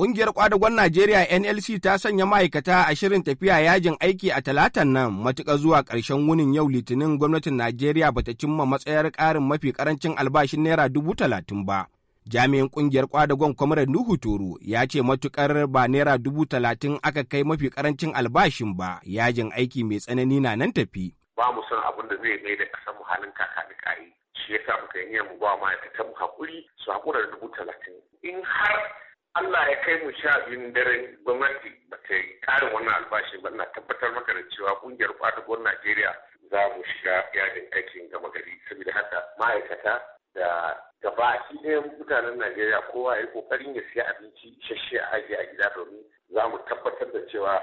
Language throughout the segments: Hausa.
Ƙungiyar kwadagon Najeriya NLC ta sanya ma'aikata a shirin tafiya yajin aiki a talatan nan matuƙa zuwa ƙarshen wunin yau litinin gwamnatin Najeriya ba ta cimma matsayar ƙarin mafi ƙarancin albashin naira dubu talatin ba. Jami'in ƙungiyar kwadagon kwamarar Nuhu Toro ya ce matuƙar ba naira dubu talatin aka kai mafi ƙarancin albashin ba yajin aiki mai tsanani na nan tafi. Ba mu son abin da zai mai da ƙasar mu halin kakani ƙayi. Shi yasa muka yi mu ba ma'aikatan mu haƙuri su haƙura da dubu talatin. In har Allah ya kai mu sha biyun daren gwamnati ba ta yi ƙarin wannan albashi ba na tabbatar maka da cewa ƙungiyar kwadagon Najeriya za mu shiga yajin aikin gama gari saboda haka ma'aikata da gaba shi ɗayan mutanen Najeriya kowa ya yi ƙoƙarin ya siya abinci isasshe a ajiye a gida domin za mu tabbatar da cewa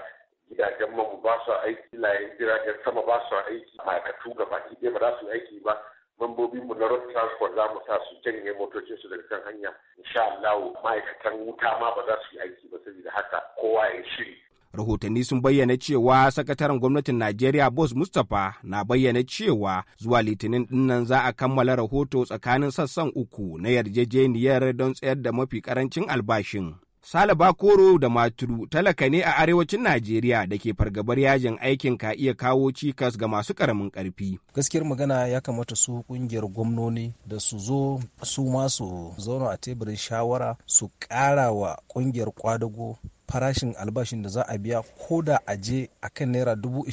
gidajen mamu ba su aiki layin jiragen sama ba su aiki ma'aikatu gaba ɗaya ba za su aiki ba mu na road transport za mu sa su janye motocinsu daga kan hanya insha Allah ma'aikatan wuta ma ba za su yi aiki ba saboda haka kowa ya shiri rahotanni sun bayyana cewa sakataren gwamnatin najeriya boss mustapha na bayyana cewa zuwa litinin dinnan za a kammala rahoto tsakanin sassan uku na yarjejeniyar don tsayar da mafi karancin albashin Sale Bakoro da Maturu talaka ne a arewacin Najeriya da ke fargabar yajin aikin ka iya kawo cikas ga masu karamin karfi. Gaskiyar magana ya kamata su kungiyar gwamnoni da su zo su masu su zauna a teburin shawara su ƙara wa kungiyar kwadago farashin albashin da za a biya ko da a je a kan naira dubu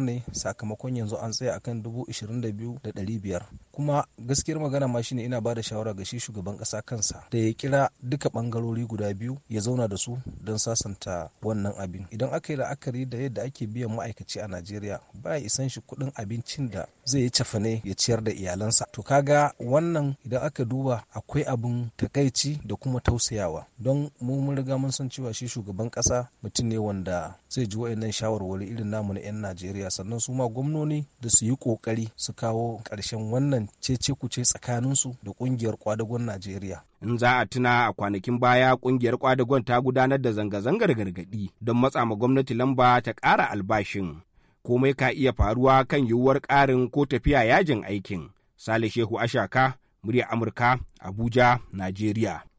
ne sakamakon yanzu an tsaya a kan kuma gaskiyar magana ma shine ina ba da shawara ga shi shugaban kasa kansa da ya kira duka bangarori guda biyu ya zauna da su don sasanta wannan abin idan aka yi la'akari da yadda ake biyan ma'aikaci a najeriya ba ya isan shi kudin abincin da zai yi cafane ya ciyar da iyalansa to kaga wannan idan aka duba akwai abin takaici da kuma tausayawa don mu mun riga mun san cewa shi shugaban kasa mutum ne wanda zai ji wa'annan shawarwari irin namu na 'yan najeriya sannan su ma gwamnoni da su yi kokari su kawo ƙarshen wannan cece kuce tsakaninsu da kungiyar kwadagon Najeriya. In za a tuna a kwanakin baya kungiyar kwadagon ta gudanar da zanga-zangar gargadi don matsa ma gwamnati lamba ta ƙara albashin. Komai ka iya faruwa kan yiwuwar ƙarin ko tafiya yajin aikin. Sale Shehu Ashaka, murya Amurka, Abuja, Najeriya.